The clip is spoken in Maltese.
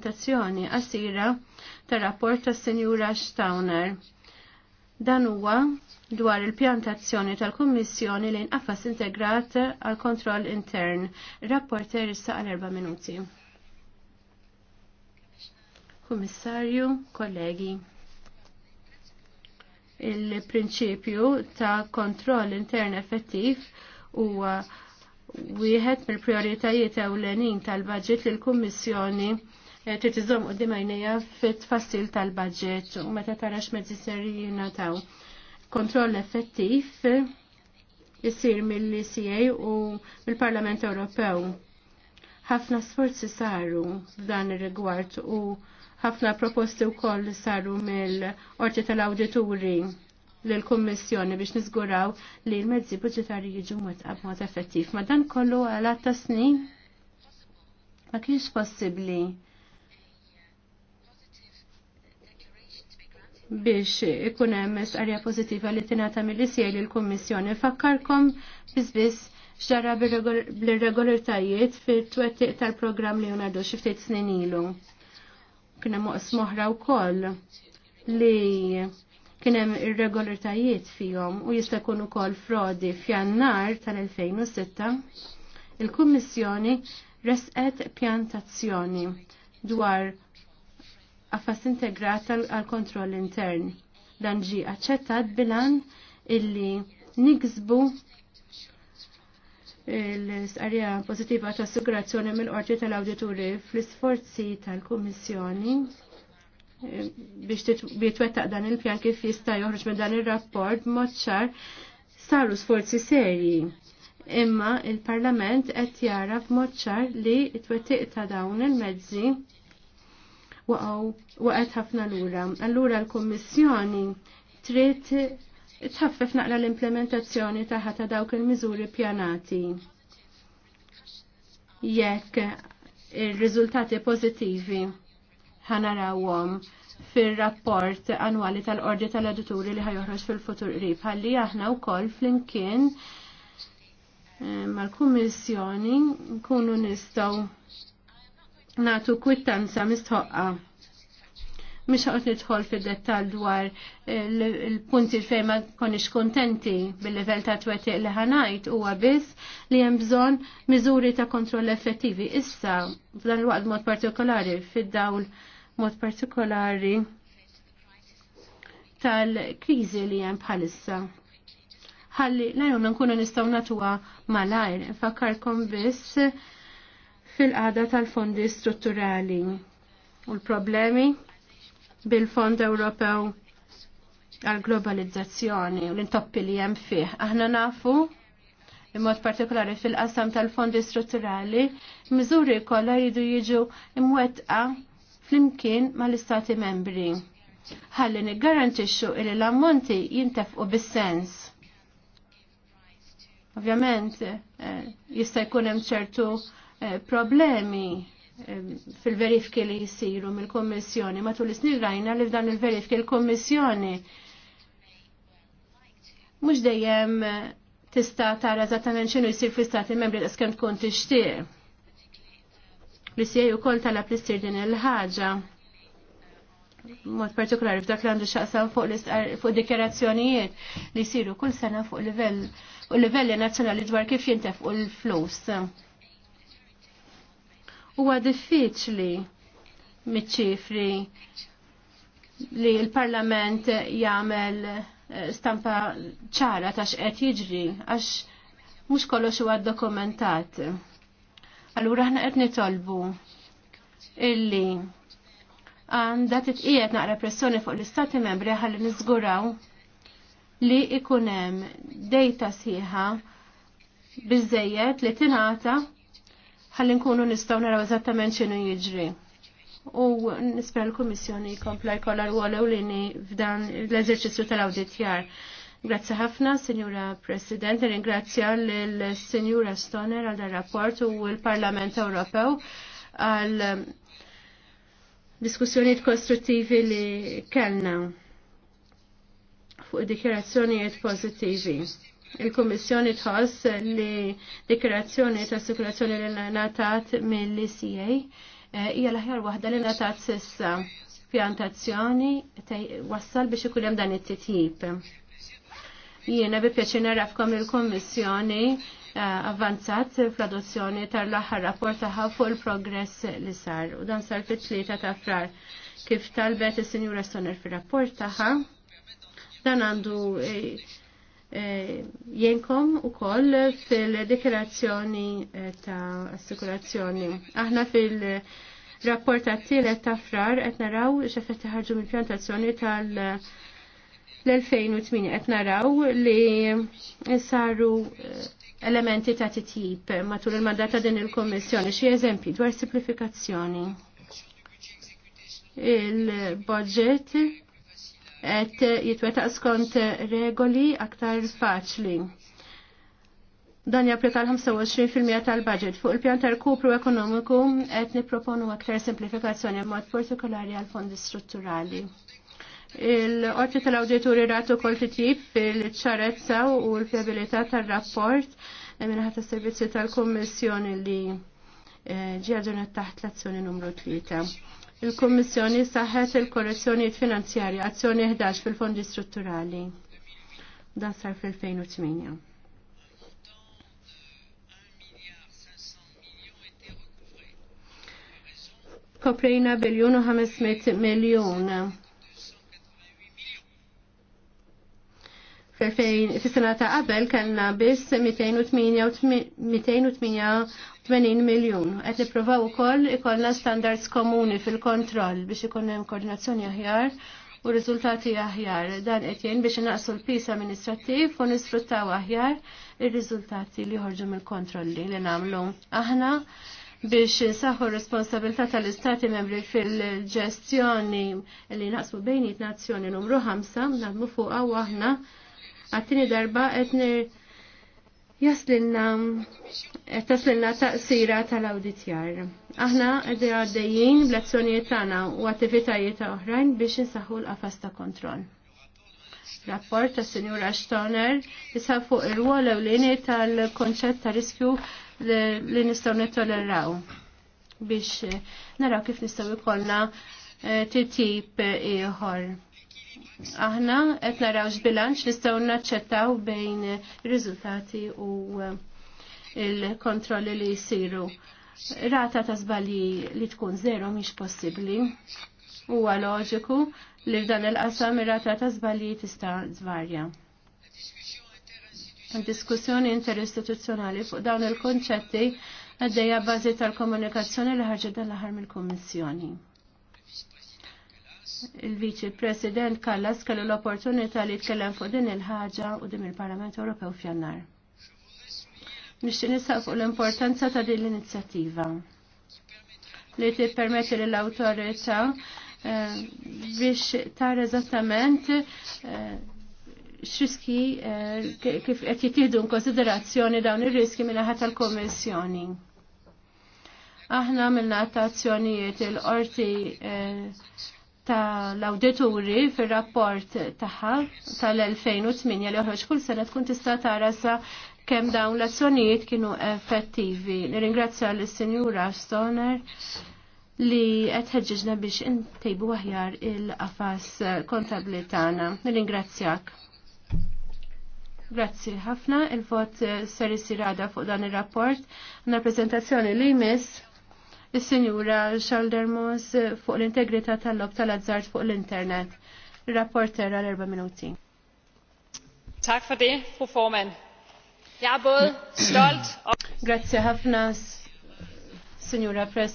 prezentazzjoni qasira tar-rapport tas-Sinjura Stauner. Dan huwa dwar il-pjantazzjoni tal-Kummissjoni li nqafas integrat għal kontroll intern. Rapporter issa għal erba' minuti. Kummissarju, kollegi il-prinċipju ta' kontroll intern effettiv huwa wieħed mill-prioritajiet ewlenin tal baġit l-Kummissjoni trid iżomm qudiem għajnejha fit-tfassil tal-budget u meta tarax mezzi serji jingħataw kontroll effettiv jisir mill-CA u mill-Parlament Ewropew. Ħafna sforzi saru f'dan ir-rigward u ħafna proposti wkoll saru mill-Qorti tal-Awdituri l kummissjoni biex nizguraw li l-mezzi budġetarji jiġu mwetqab mod effettiv. Ma dan kollu għala ta' snin ma kienx possibbli biex ikun hemm sqarja pożittiva li tingħata mill li l kummissjoni Fakkarkom biss xara bil-regolaritajiet fil-twettiq tal-programm li unadu xiftit snin ilu. Kina muqs moħra u koll li kienem irregolaritajiet fihom u jista' jkun ukoll frodi f'jannar tal-2006 il-Kummissjoni resqet pjantazzjoni dwar għaffas integrat għal kontroll intern. Dan ġi aċċettat bilan illi niksbu l sqarja pozitiva ta' assigurazzjoni mill-qorti tal-awdituri fl-isforzi tal-Kummissjoni eh, biex bitwettaq dan il-pjan kif jista' joħroġ minn dan ir-rapport moċċar saru sforzi serji imma il-Parlament qed jara b'mod li t-twettiq ta' dawn il-mezzi waqgħu waqgħet ħafna lura. Allura l-Kummissjoni trid tħaffef naqra l-implementazzjoni taħħa ta' dawk il-miżuri pjanati. Jekk ir-riżultati pożittivi ħanarawhom fir rapport annwali tal-ordi tal-edituri li ħajoħroġ fil-futur qrib. Ħalli aħna wkoll flimkien eh, mal-Kummissjoni nkunu nistgħu natu kwittanza mistħoqqa. Mish għot nidħol fil-dettal dwar il-punti fejn ma konix kontenti bil-level ta' tweti li ħanajt u għabis li hemm bżonn miżuri ta' kontroll effettivi. Issa, f'dan l waqt mod partikolari, fid-dawl mod partikolari tal-krizi li hemm bħalissa ħalli lajum nkunu nistaw natuwa malajr. fakkarkom biss fil-qada tal-fondi strutturali u l-problemi bil-Fond Ewropew għal-globalizzazzjoni u l-intoppi li jem fih. Aħna nafu imod partikolari fil-qasam tal-fondi strutturali, miżuri kollha jridu jiġu imwettqa flimkien mal-istati membri. Ħalli niggarantixxu li l-ammonti jintefqu bis-sens. Ovvjament, eh, jista' jkun hemm ċertu Eh, problemi eh, fil-verifki li jisiru mill-Kommissjoni. Matul is-snin rajna li f'dan il-verifki l-Kommissjoni mhux dejjem eh, tista' tara eżattament x'inhu jsir fl-istati membri li kemm tkun tixtieq. Li se ukoll talab li ssir din il-ħaġa. Mod partikolari f'dak li għandu xaqsam fuq fuq dikjarazzjonijiet li jsiru kull sena fuq livell livelli nazzjonali dwar kif jintef u l-flus huwa diffiċli miċ-ċifri li l-Parlament jagħmel eh, stampa ċara ta' x'qed jiġri għax mhux kollox huwa ddokumentat. Allura aħna qed nitolbu illi għandha titqiegħed naqra pressjoni fuq l-Istati Membri ħalli niżguraw li ikun hemm dejta sħiħa biżejjed li tingħata ħalli nkunu nistgħu naraw eżattament x'inhu jiġri. U nispera l-Kummissjoni jkompla jkollha rwol lini f'dan l-eżerċizzju tal-awditjar. Grazzi ħafna, Sinjura President, ringrazzja l-Sinjura Stoner għal rapport u l-Parlament Ewropew għal diskussjonijiet konstruttivi li kellna fuq dikjarazzjonijiet pozittivi il-Kommissjoni tħoss li dekorazzjoni ta' sikurazzjoni li natat mill-ICA eh, hija l-aħjar waħda li natat sissa pjantazzjoni wassal biex ikun hemm dan it-titjib. Jiena bi pjaċir narafkom il-Kommissjoni eh, avvanzat fl-adozzjoni tal-aħħar rapport tagħha fuq il-progress li sar u dan sar fit-tlieta ta' frar kif talbet is-Sinjura Stoner fir-rapport tagħha dan għandu eh, Eh, jenkom u koll fil-deklarazzjoni eh, ta' assikurazzjoni. Aħna fil-rapport ta' ta' frar qed naraw x'effett ħarġu mill-pjantazzjoni tal- l-2008 qed naraw li saru eh, elementi ta' titjib matul il-mandata din il-Kommissjoni. Xi eżempji dwar simplifikazzjoni. Il-budget qed jitwetaq skont regoli aktar faċli. Dan japplika l-25% tal-budget. Fuq il-pjan tal-kupru ekonomiku qed nipproponu aktar simplifikazzjoni mod partikolari għal fondi strutturali. Il-qorti tal auditori ratu kol titjib fil-ċarezza u l-fiabilità tal-rapport minnaħat tas-servizzi tal-Kommissjoni li eh, ġi taħt l-azzjoni numru 3 il kommissjoni saħħet il korrezzjoni Finanzjarja azzjoni 11 fil-fondi strutturali. Da sar fil-2008. Koprejna biljonu 500 miljonu. fis-sena ta' qabel kellna biss 288 miljun. Qed nippruvaw ukoll ikollna standards komuni fil-kontroll biex ikun hemm koordinazzjoni aħjar u riżultati aħjar. Dan qed jgħin biex naqsu l-pis amministrattiv u nisfruttaw aħjar ir-riżultati li ħorġu mill-kontrolli li nagħmlu. Aħna biex saħu responsabilità tal-Istati membri fil-ġestjoni li naqsmu bejniet nazzjoni numru 5 nagħmlu fuqha u aħna għattini darba qed jaslinna jaslinna taqsira tal-awditjar. Aħna qed għaddejjin b'lazzjonijiet azzjonijiet tagħna u attivitajiet oħrajn biex insaħħu l-qafas ta' kontroll. Rapport ta' Sinjura Stoner jisħab fuq ir-rwol ewlieni tal-konċett ta' riskju li nistgħu nittolleraw biex naraw kif nistgħu jkollna titjib ieħor. Aħna qed naraw x'bilanċ nistgħu naċċettaw bejn ir-riżultati u il-kontrolli li jsiru. Rata ta' żbalji li tkun zero mhix possibbli. Huwa loġiku li f'dan il-qasam ir-rata ta' żbalji tista' żvarja. Diskussjoni interistituzzjonali fuq dawn il-konċetti għaddejja bażi tal-komunikazzjoni li ħarġet dan l-aħħar mill-Kummissjoni il-Viċi President Kallas kellu l-opportunità li jitkellem fuq din il-ħaġa u din il-Parlament Ewropew f'Jannar. Nixtieq nisa fuq l-importanza ta' din l-inizjattiva li tippermetti lill awtorità eh, biex tara eżattament eh, x'riski eh, kif qed jittieħdu konsiderazzjoni dawn ir-riski minn ħadd tal-Kommissjoni. Aħna mill attazzjonijiet il-qorti tal-awdituri fil-rapport taħħa tal-2008 li uħroċ kull sena tkun tista' tara sa kemm dawn l-azzjonijiet kienu effettivi. Nirringrazzja l-Sinjura Stoner li qed ħeġġeġna biex intejbu aħjar il-qafas kontabli tagħna. Nirringrazzjak. Grazzi ħafna, il-vot ser isir fuq dan ir-rapport. Na prezentazzjoni li jmiss il-Sinjura Xaldermos fuq l-integrità tal-lob tal-azzart fuq l-internet. Rapporter għal erba' minuti. Tak fadi, fu fru formand. Er stolt Grazie Hafnas, Signora President.